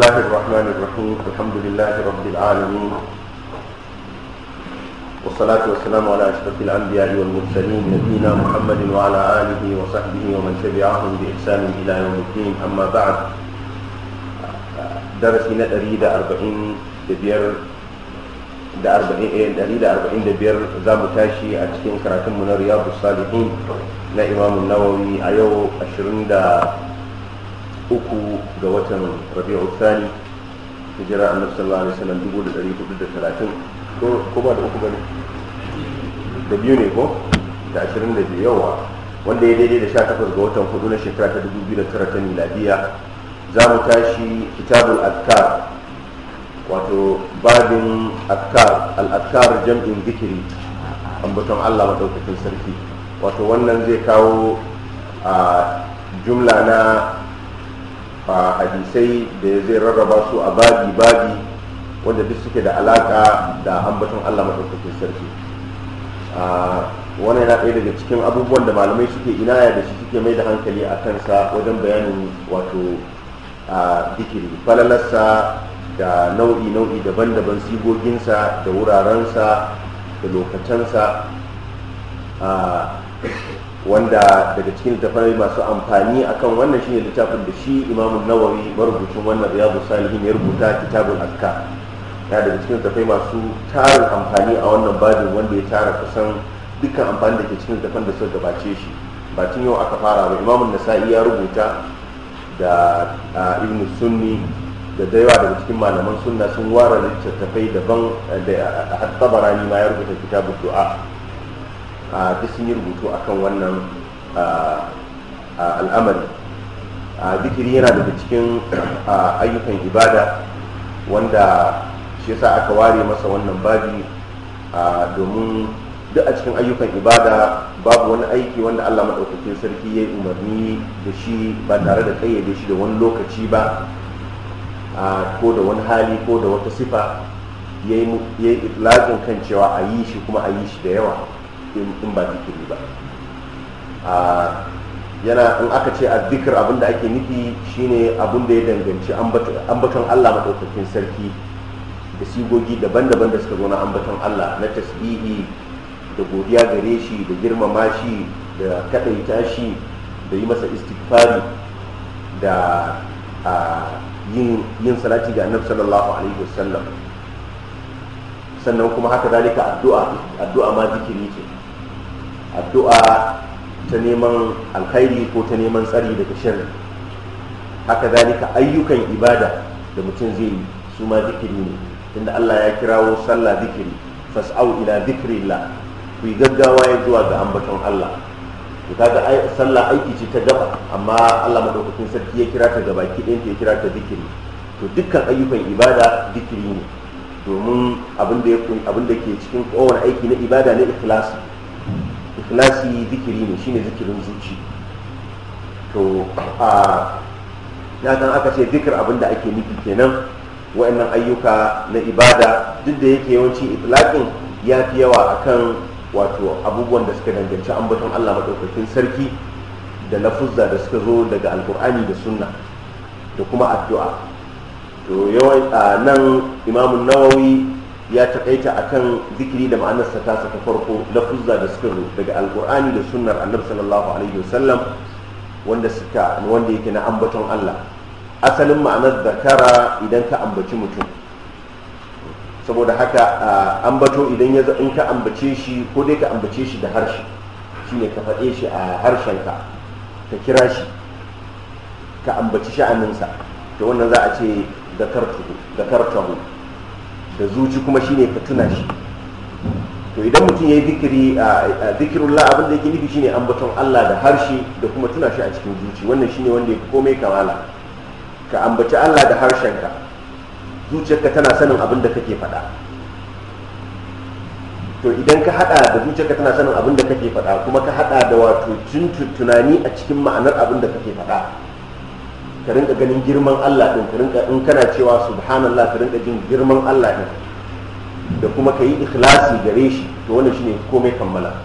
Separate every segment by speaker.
Speaker 1: الله الرحمن الرحيم الحمد لله رب العالمين والصلاة والسلام على أشرف الأنبياء والمرسلين نبينا محمد وعلى آله وصحبه ومن تبعهم بإحسان إلى يوم الدين أما بعد درسنا أريد أربعين دبير دا أربعين ɗari da arba'in da biyar za mu tashi a cikin karatunmu na riyadu salihin na imamun nawawi ga watan rabi'u thani hijira annabi sallallahu alaihi wasallam 1430 ko ba da uku bane da biyu ne ko da 22 yawa wanda ya daidai da 18 ga watan hudu na shekara ta 2009 ta miladiya za mu tashi kitabul azkar wato babin azkar al-azkar jam'in zikiri ambaton Allah madaukakin sarki wato wannan zai kawo a jumla na a hadisai da zai rarraba su a babi babi wanda duk suke da alaka da ambaton Allah madaukakin sarki Wani yana ɗaya daga cikin abubuwan da malamai suke inaya da shi suke mai da hankali a kansa wajen bayanin wato a dikiri falalarsa da nau'i nau'i daban-daban sigoginsa da wurarensa da lokacinsa wanda daga cikin littafai masu amfani akan wannan shine littafin da shi imamun nawawi marubucin wannan riyadu salihin ya rubuta kitabul azkar ya daga cikin littafai masu tarin amfani a wannan babin wanda ya tara kusan dukkan amfani da ke cikin littafan da suka gabace shi Ba tun yau aka fara ba imamun nasa'i ya rubuta da ibn sunni da da daga cikin malaman sunna sun ware littattafai daban da tabarani ma ya rubuta kitabun du'a duk sun yi rubutu akan wannan al'amari zikiri yana daga cikin ayyukan ibada wanda shi yasa aka ware masa wannan babi domin duk a cikin ayyukan ibada babu wani aiki wanda allah maɗaukakin sarki ya yi umarni da shi ba tare da ƙayyade shi da wani lokaci ba ko da wani hali ko da wata sifa ya yi kan cewa a yi shi kuma a yi shi da yawa in ba zikiri ba yana in aka ce azzikir abin da ake nufi shine abun da ya danganci ambaton Allah maɗaukakin sarki da sigogi daban-daban da suka zo na ambaton Allah na tasbihi da godiya gare shi da girmama shi da kaɗaita shi da yi masa istighfari da yin salati ga annabi sallallahu alaihi wasallam sannan kuma haka zalika addu'a addu'a ma zikiri ce addu'a ta neman alkhairi ko ta neman tsari daga shirin haka zalika ayyukan ibada da mutum zai yi su ma zikiri ne inda Allah ya kirawo sallah zikiri fas'au ila la ku yi gaggawa ya zuwa ga ambaton Allah to kaga sallah aiki ce ta gaba amma Allah madaukakin sarki ya kira ta gaba ki ya kira ta zikiri to dukkan ayyukan ibada zikiri ne domin abin da ke cikin kowane aiki na ibada ne ikhlasi nasi zikiri ne shine zikirin zuci to a ya san aka ce zikir abinda ake nufi kenan wa'annan ayyuka na ibada duk da yake yawanci itlaqin ya fi yawa akan wato abubuwan da suka danganci ambaton Allah madaukakin sarki da lafuzza da suka zo daga alkur'ani da sunna da kuma addu'a to yawan nan imamun nawawi ya taƙaita kan zikiri da ma'anarsa ta saka farko fuzza da suka zo daga alkur'ani da sunnar annabi sallallahu alaihi wasallam wanda suka wanda yake na ambaton Allah asalin ma'anar zakara idan ka ambaci mutum saboda haka ambato idan ya in ka ambace shi ko dai ka ambace shi da harshe shine ka faɗe shi a harshenka ka kira shi ka ambaci sha'aninsa to wannan za a ce zakartahu da zuci kuma shine ka tuna shi to idan mutum ya yi zikiri a zikirullah abin da yake nufi shine ambaton Allah da harshe da kuma tuna shi a cikin zuci wannan shine wanda yake komai kamala ka ambaci Allah da harshenka zuciyarka tana sanin abin da kake faɗa to idan ka hada da zuciyarka tana sanin abin da kake faɗa kuma ka hada da wato tunani a cikin ma'anar abin da kake faɗa ka rinka ganin girman Allah din ka rinka in kana cewa subhanallah ka rinka jin girman Allah din da kuma ka yi ikhlasi gare shi to wannan shine komai kammala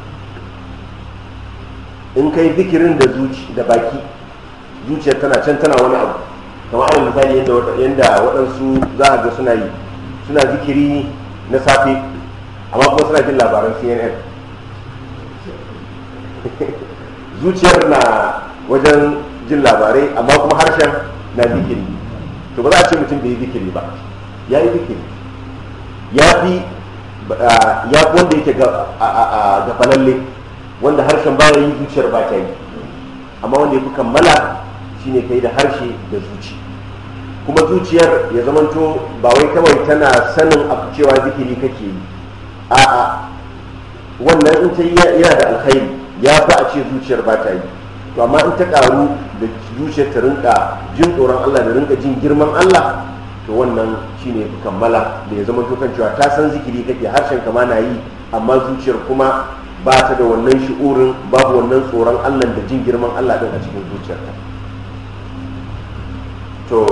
Speaker 1: in kai zikirin da zuci da baki zuciyar tana can tana wani abu kamar alal misali yadda yadda waɗansu za a ga suna yi suna zikiri na safe amma kuma suna jin labaran CNN zuciyar na wajen jin labarai amma kuma harshen na zikiri to ba za a ce mutum bai yi zikiri ba ya yi zikiri ya fi ya fi wanda yake ga falalle wanda harshen baya yi zuciyar ba ta yi amma wanda ya fi kammala shi ne kai da harshe da zuci kuma zuciyar ya zamanto ba wai kawai tana sanin abu cewa zikiri kake yi a'a wannan in ta yi yana da alkhairi ya fi a ce zuciyar ba ta yi to amma in ta karu da zuciyar ta rinka jin tsoron Allah da rinka jin girman Allah to wannan shine kammala da ya zama to cewa ta san zikiri kake harshen kama na yi amma zuciyar kuma ba ta da wannan shi'urin babu wannan tsoron Allah da jin girman Allah din a cikin zuciyarta to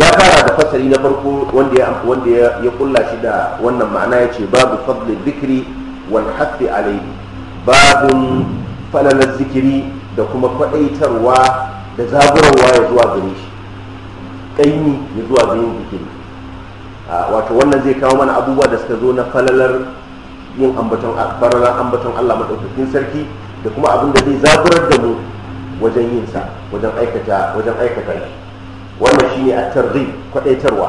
Speaker 1: ya fara da fasali na farko wanda wanda ya kulla shi da wannan ma'ana ya ce babu fadli dhikri wal hafi alayhi babun falalar zikiri da kuma faɗaitarwa da zaburarwa ya zuwa gare shi ƙaimi ya zuwa yin bikin. wato wannan zai kawo mana abubuwa da suka zo na falalar yin ambaton falalar ambaton Allah maɗaukakin sarki da kuma abin da zai zaburar da mu wajen yin sa wajen aikata wajen aikata shi wannan shine at-targhib kwaɗaitarwa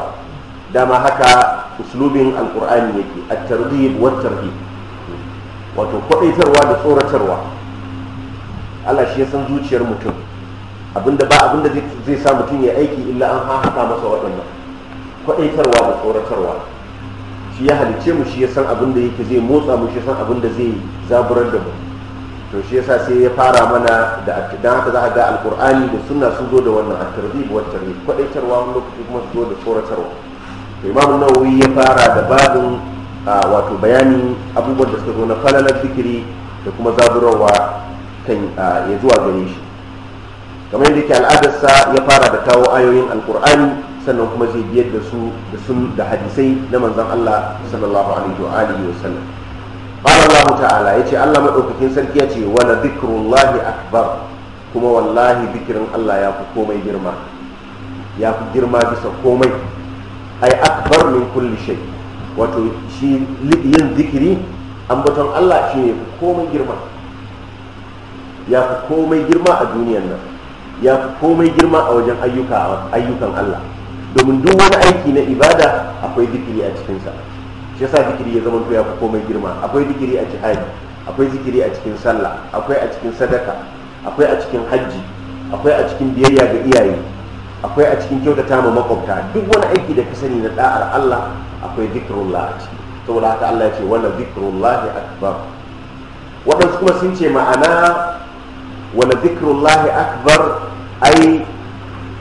Speaker 1: dama haka uslubin alqur'ani yake at-targhib wat-tarhib wato kwaɗaitarwa da tsoratarwa Allah shi ya san zuciyar mutum abinda ba abinda zai sa mutum ya aiki illa an haka masa waɗannan kwaɗaitarwa da tsoratarwa shi ya halicce mu shi ya san abinda yake zai motsa mu shi san abinda zai zaburar da mu to shi yasa sai ya fara mana da dan haka za a ga alqur'ani da sunna sun zo da wannan at tarbi wa at-tarhib kwaɗaitarwa mun lokaci kuma su zo da tsoratarwa to imam nawawi ya fara da babin wato bayanin abubuwan da suka zo na falalar zikiri da kuma zaburarwa kan ya zuwa gare shi kamar yadda al'adar al'adarsa ya fara da kawo ayoyin alkur'ani sannan kuma zai biyar da su da sun da hadisai na manzon Allah sallallahu alaihi wa alihi wa sallam qala Allah ta'ala yace Allah madaukakin sarki yace wala dhikrullahi akbar kuma wallahi dhikrin Allah ya fi komai girma ya fi girma bisa komai ai akbar min kulli shay wato shi yin zikiri ambaton Allah shi ne komai girma ya fi komai girma a duniyar nan ya fi komai girma a wajen ayyukan Allah domin duk wani aiki na ibada akwai zikiri a cikinsa shi yasa zikiri ya zama ya fi komai girma akwai zikiri a jihadi akwai zikiri a cikin sallah akwai a cikin sadaka akwai a cikin hajji akwai a cikin biyayya ga iyaye akwai a cikin kyautata ma makwabta duk wani aiki da ka sani na da'ar Allah akwai zikrullah a ciki saboda haka Allah ya ce wannan zikrullah akbar waɗansu kuma sun ce ma'ana wala zikrullahi akbar ai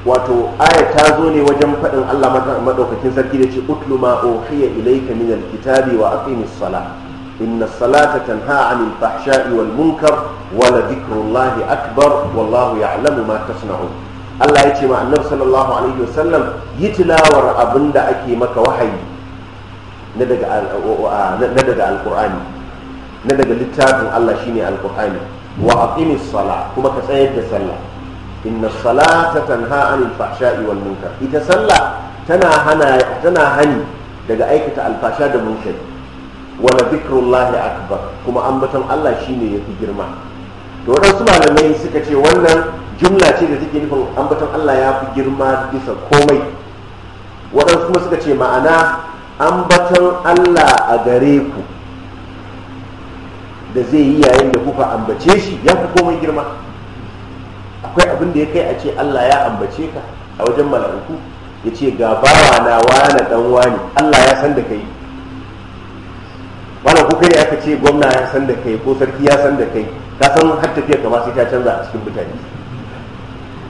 Speaker 1: wato aya ta zo ne wajen faɗin Allah madaukakin sarki da ce utlu ma uhiya ilayka min alkitabi wa aqimis sala inna salata tanha anil fahsha'i wal munkar wa la dhikrullahi akbar wallahu ya'lamu ma tasna'un Allah ya ce ma annabi sallallahu alaihi wasallam yi tilawar abinda ake maka wahayi na daga na daga alqur'ani na daga littafin Allah shine alqur'ani wa aqimis sala kuma ka tsayar da sallah inna salata tanha anil fahsha'i wal munkar ita sallah tana hana tana hani daga aikata alfasha da munkari wa la dhikrullahi akbar kuma ambatan Allah shine yafi girma to wadansu malamai suka ce wannan jumla ce da take nufin ambatan Allah ya fi girma bisa komai wadansu kuma suka ce ma'ana ambatan Allah a gare ku da zai yi yayin da kuka ambace shi ya fi komai girma akwai abin da ya kai a ce Allah ya ambace ka a wajen mala'iku ya ce ga bawa na wane dan wani Allah ya san da kai wani kuka ne aka ce gwamna ya san da kai ko sarki ya san da kai ka san har tafiya kamar sai ta canza a cikin mutane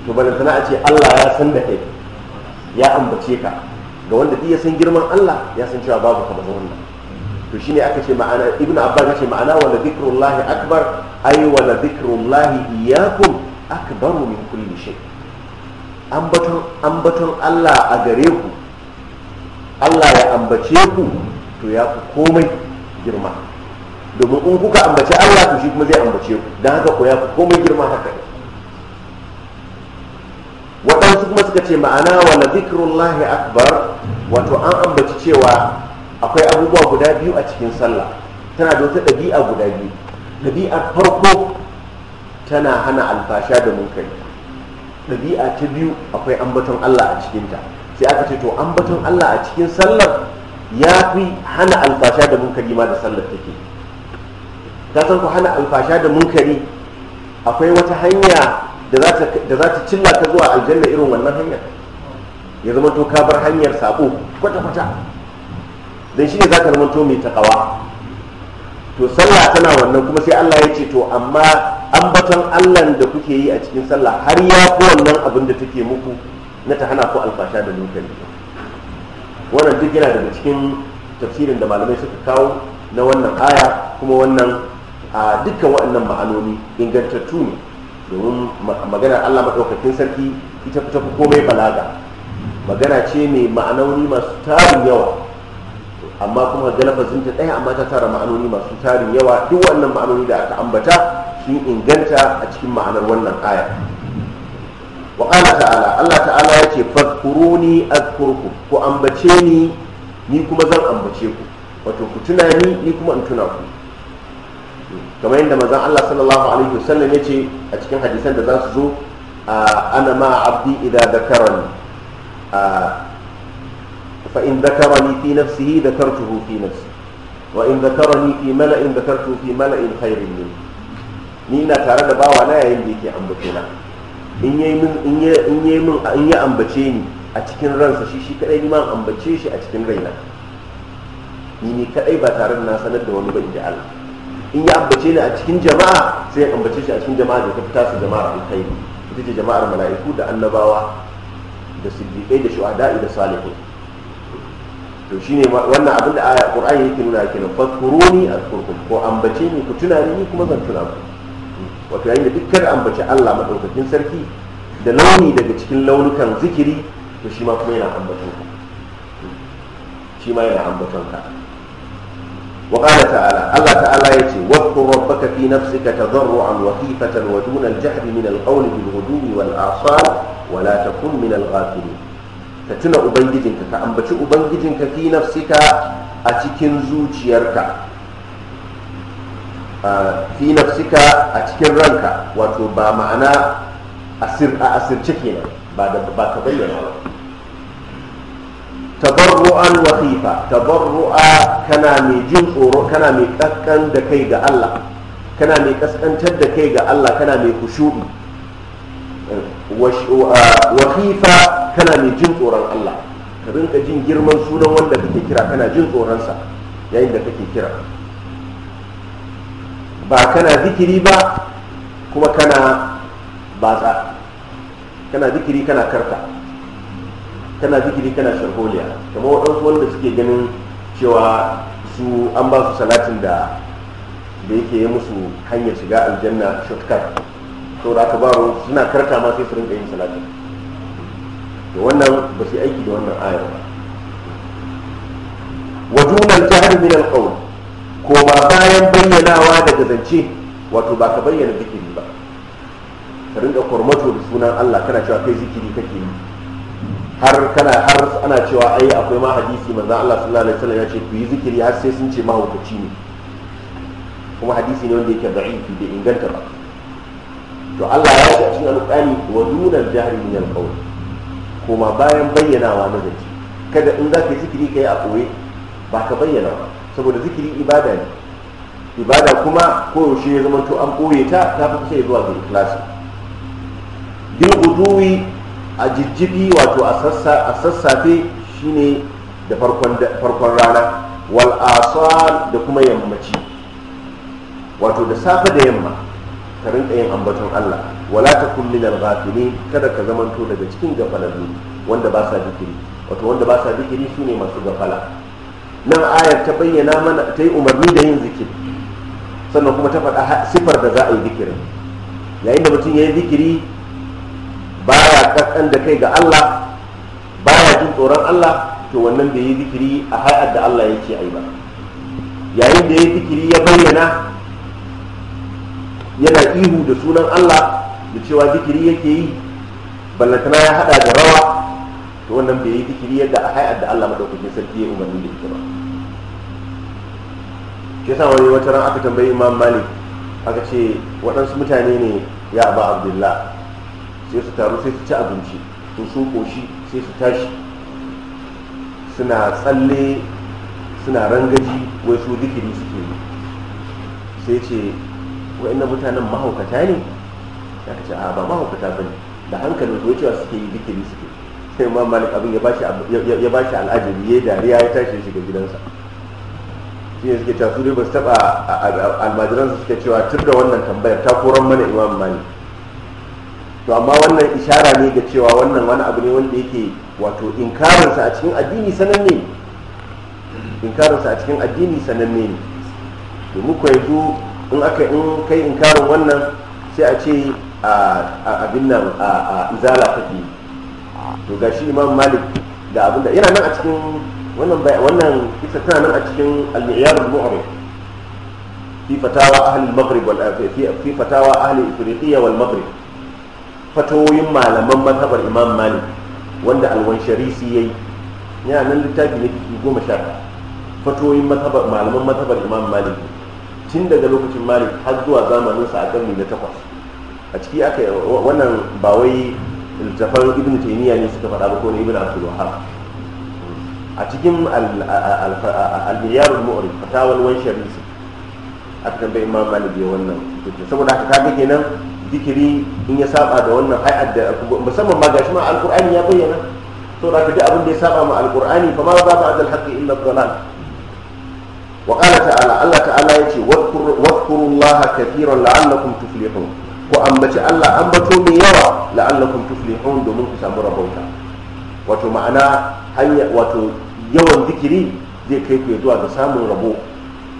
Speaker 1: to sana a ce Allah ya san da kai ya ambace ka ga wanda ya san girman Allah ya san cewa babu kamar wannan to shine aka ce ma'ana ibnu abbas ce ma'ana wala dhikrullahi akbar ay wala dhikrullahi iyyakum akbaru min kulli shay ambaton ambaton Allah a gare ku Allah ya ambace ku to ya fi komai girma domin in kuka ambace Allah to shi kuma zai ambace ku don haka ku ya fi komai girma haka ne waɗansu kuma suka ce ma'ana wala dhikrullahi akbar wato an ambaci cewa akwai abubuwa guda biyu a cikin sallah tana da wata ɗabi'a guda biyu ɗabi'ar farko tana hana alfasha da munkari ɗabi'a ta biyu akwai ambaton Allah a cikinta sai aka ce to ambaton Allah a cikin sallar ya fi hana alfasha da munkari ma da sallar take ka san ku hana alfasha da munkari akwai wata hanya da za ta cilla ka zuwa aljanna irin wannan hanyar ya zama to ka bar hanyar saƙo kwata-kwata dan shine ka zamanto mai takawa to sallah tana wannan kuma sai Allah ya ce to amma ambaton Allah da kuke yi a cikin sallah har ya fi wannan abin da take muku na ta hana ku alfasha da lokali wannan duk yana daga cikin tafsirin da malamai suka kawo na wannan aya kuma wannan a dukkan waɗannan ma'anoni ingantattu ne domin maganar Allah maɗaukakin sarki ita ta komai balaga magana ce mai ma'anoni masu tarin yawa amma kuma ga lafazin ta ɗaya amma ta tara ma'anoni masu tarin yawa duk wannan ma'anoni da aka ambata sun inganta a cikin ma'anar wannan aya wa qala ta'ala Allah ta'ala ya ce fadkuruni azkurku ku ambace ni ni kuma zan ambace ku wato ku tuna ni ni kuma in tuna ku kamar yadda manzon Allah sallallahu alaihi wasallam ya ce a cikin hadisan da za su zo ana ma abdi idza dhakarani ah, فإن ذكرني في نفسه ذكرته في نفسي وإن ذكرني في ملأ ذكرته في ملأ خير منه ni ina tare da bawa na yayin da yake ambace na in yi min in yi in yi min in yi ambace ni a cikin ransa shi shi kadai ni ma ambace shi a cikin raina ni ni kadai ba tare da na sanar da wani ba inda Allah in ya ambace ni a cikin jama'a sai ya ambace shi a cikin jama'a da ta fita su jama'ar alkhairi ita ce jama'ar mala'iku da annabawa da siddiqai da shuhada da salihin to shine wannan abin da aya qur'ani yake nuna kenan fadkuruni azkurkum ko ambace ni ku tuna ni kuma zan tuna ku wato yayin da dukkan ambace Allah madaukakin sarki da launi daga cikin launukan zikiri to shi ma kuma yana ambaton ka shi ma yana ambaton ka wa qala ta'ala Allah ta'ala yace wadhkur rabbaka fi nafsika tadarruan wa khifatan wa duna al-jahri min al-qawli bil-ghuduwi wal-asal wa la takun min al-ghafilin ka tuna ubangijinka ka ambaci ubangijinka fi nafsika a cikin zuciyarka fi nafsika a cikin ranka wato ba ma'ana a asirce kenan ba da ba ka bayyana ba tabarru'an wakifa tabarru'a kana mai jin tsoro kana mai kaskan da kai ga Allah kana mai kaskantar da kai ga Allah kana mai kushu'i eh, wa kana mai jin tsoron Allah ka rinka jin girman sunan wanda kake kira kana jin tsoronsa yayin da kake kira ba kana zikiri ba kuma kana batsa kana zikiri kana karta kana zikiri kana sharholiya kamar waɗansu wanda suke ganin cewa su an ba su salatin da da yake yi musu hanyar shiga aljanna shortcut saboda aka ba suna karta ma sai su rinka yin salatin to wannan ba su aiki da wannan ayar ba wa dunal jahr min al qawl ko ba bayan bayyanawa daga zance wato ba ka bayyana zikiri ba ka rinka kormato da sunan Allah kana cewa kai zikiri kake yi har kana har ana cewa ai akwai ma hadisi manzo Allah sallallahu alaihi wasallam ya ce ku yi zikiri har sai sun ce mahaukaci ne kuma hadisi ne wanda yake da'ifi bai inganta ba to Allah ya ce a cikin alƙur'ani wa dunal min al koma bayan bayyanawa na zance kada in za ka yi zikiri ka yi a ɓoye ba ka bayyana ba saboda zikiri ibada ne ibada kuma koyaushe ya zama to an ɓoye ta ta fi kusa zuwa ga ikilasi bil guduwi a jijjifi wato a sassafe shine da farkon rana wal da kuma yammaci wato da safe da yamma ka rinka yin ambaton Allah wala ta kulli lal ne, kada ka zamanto daga cikin gafalallu wanda ba sa zikiri wato wanda ba sa zikiri shine masu gafala nan ayar ta bayyana mana ta yi umarni da yin zikiri sannan kuma ta faɗa sifar da za a yi zikirin yayin da mutum ya yi zikiri baya kakan da kai ga Allah baya jin tsoron Allah to wannan bai yi zikiri a hayar da Allah yake yi ba yayin da ya yi zikiri ya bayyana yana ihu da sunan Allah da cewa zikiri yake yi ballantana ya hada da rawa to wannan bai yi zikiri yadda a hayar da Allah madaukakin sarki ya umarni da ita ba ke sa wani wata ran aka tambayi Imam Malik aka ce waɗansu mutane ne ya ba Abdullah sai su taru sai su ci abinci to su koshi sai su tashi suna tsalle suna rangaji wai su zikiri suke yi sai ce wa'annan mutanen mahaukata ne ya ce a ba mahaukata bane da hankalin su cewa suke yi zikiri suke sai ma malik abin ya bashi ya bashi al'ajabi ya dariya ya tashi shiga gidansa shi ne suke cewa su ne ba su taba almajiransu suke cewa tun da wannan tambayar ta koran mana imam malik to amma wannan ishara ne ga cewa wannan wani abu ne wanda yake wato inkarinsa a cikin addini sananne ne inkarinsa a cikin addini sananne ne to muka yanzu in aka in kai karin wannan sai a ce a abin nan a izala ta fi to ga shi imam malik da abin da yana nan a cikin wannan wannan kisa tana nan a cikin al-i'yar al-mu'rid fi fatawa ahli al-maghrib wal eh, fi fatawa ahli wal maghrib malaman mazhabar imam malik wanda al-wansharisi yayi yana nan littafi ne 10 fatoyin malaman mazhabar imam malik tun daga lokacin malik har zuwa zamanin sa a karni na takwas a ciki aka wannan ba wai littafan ibn taymiya ne suka faɗa ba ko na ibn abdul wahab a cikin al-biyar al-mu'rid fatawal wan a cikin bai imam malik ya wannan saboda haka kaga kenan zikiri in ya saba da wannan hay'ar da musamman ma gashi ma alqur'ani ya bayyana to da kaga abin da ya saba ma alqur'ani fa ma za ba al haqqi illa dhalal wa qala ta ta'ala ya ce wadkurullaha kathiran la'allakum tuflihun ku ambaci Allah ambato mai yawa la'allakum tuflihun domin ku samu rabauta wato ma'ana hanya wato yawan zikiri zai kai ku zuwa ga samun rabo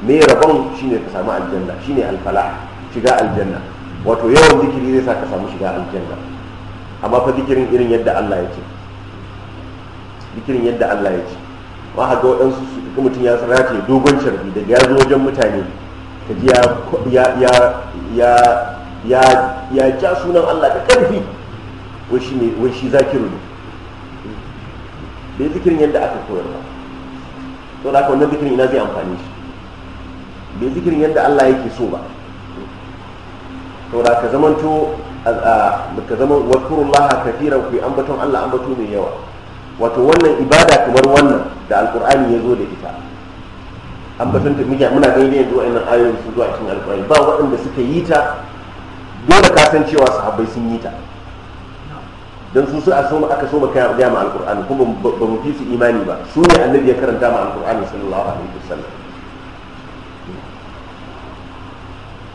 Speaker 1: me rabon shine ka samu aljanna shine alfala shiga aljanna wato yawan zikiri zai sa ka samu shiga aljanna amma fa zikirin irin yadda Allah ya ce zikirin yadda Allah ya ce ba ha ga waɗansu su ga mutum ya rata ya dogon carbi daga ya zo wajen mutane ka ji ya ja sunan Allah da ƙarfi wai shi zakiru ne bai zikirin yadda aka koyar ba to da wannan zikirin ina zai amfani shi bai zikirin yadda Allah yake so ba to da ka zamanto ka zama wakurullaha kafiran ku ambaton Allah ambato mai yawa wato wannan ibada kamar wannan da alkur'ani ya zo da ita an batun da muke muna gani yanzu wa'annan ayoyin su zuwa cikin alkur'ani ba waɗanda suka yi ta dole ka san cewa sahabbai sun yi ta don su su a so aka so maka ya ma alkur'ani kuma ba mu fi su imani ba su ne annabi ya karanta ma alkur'ani sallallahu alaihi wasallam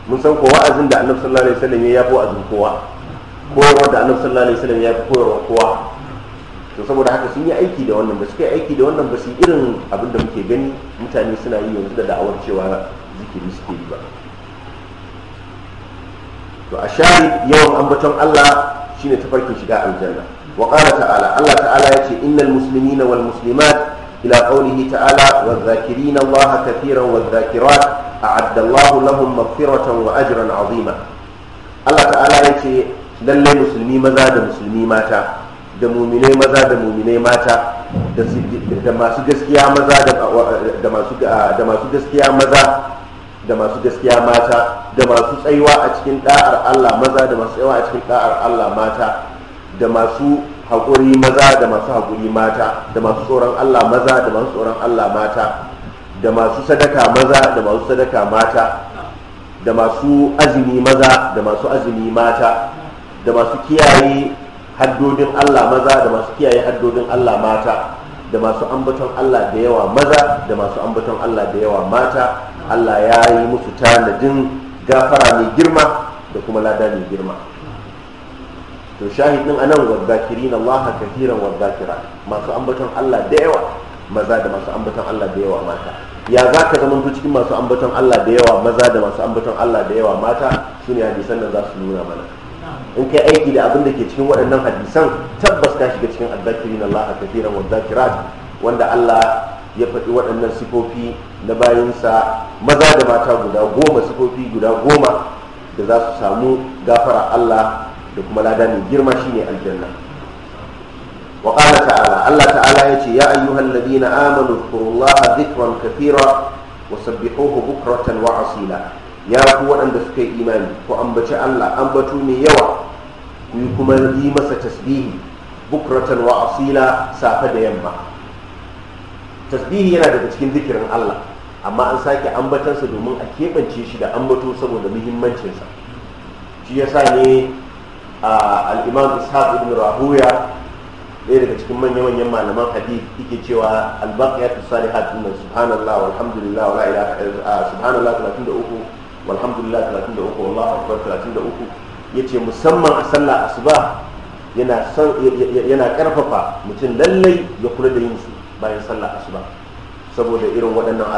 Speaker 1: mun san ko wa'azin da annabi sallallahu alaihi wasallam ya yabo azin kowa koyarwa da annabi sallallahu alaihi wasallam ya koyarwa kowa to saboda haka sun yi aiki da wannan ba su kai aiki da wannan ba su irin abin da muke gani mutane suna yi yanzu da da'awar cewa zikiri suke yi ba to a shari yawan ambaton Allah shine tafarkin shiga aljanna wa ƙara ta'ala Allah ta'ala ya ce, innal muslimina wal muslimat ila ƙaunihi ta'ala wa dhakirina Allah kathiran wadh-dhakirat lahum maghfiratan wa ajiran 'azima Allah ta'ala yace lallai musulmi maza da musulmi mata da muminai maza da muminai mata da masu gaskiya maza da masu gaskiya maza da masu gaskiya mata da masu tsayuwa a cikin da'ar Allah maza da masu tsayuwa a cikin da'ar Allah mata da masu haƙuri maza da masu haƙuri mata da masu tsoron Allah maza da masu tsoron Allah mata da masu sadaka maza da masu sadaka mata da masu azumi maza da masu azumi mata da masu kiyaye haddodin Allah maza da masu kiyaye haddodin Allah mata da masu ambaton Allah da yawa maza da masu ambaton Allah da yawa mata Allah ya yi musu tanadin gafara mai girma da kuma lada mai girma to shahidin anan wadzakirin Allah kafiran wadzakira masu ambaton Allah da yawa maza da masu ambaton Allah da yawa mata ya za ka zama cikin masu ambaton Allah da yawa maza da masu ambaton Allah da yawa mata su ne hadisan da za su nuna mana in kai aiki da abin da ke cikin waɗannan hadisan tabbas ka shiga cikin adzakirin Allah kafiran wa wanda Allah ya faɗi waɗannan sifofi na bayansa maza da mata guda goma sifofi guda goma da za su samu gafara Allah da kuma lada mai girma shine aljanna wa qala ta'ala Allah ta'ala ya ce ya ayyuhan ladina amanu zkurullaha kafira kathira wa sabbihuhu bukratan wa asila ya ku waɗanda suka yi imani ku ambaci Allah ambatu mai yawa ku yi kuma yi masa tasbihi bukratan wa asila safe da yamma tasbihi yana daga cikin zikirin Allah amma an sake ambatansa domin a keɓance shi da ambato saboda muhimmancinsa shi yasa ne a imam ishaq ibn rahuya ɗaya daga cikin manya-manyan malaman hadith yake cewa albaqiyatu salihat din subhanallah walhamdulillah wala ilaha subhanallah 33 walhamdulillah 33 wallahu akbar ya yace musamman a sallah asuba yana son yana karfafa mutum lallai ya kula da yin su bayan sallah asuba saboda irin waɗannan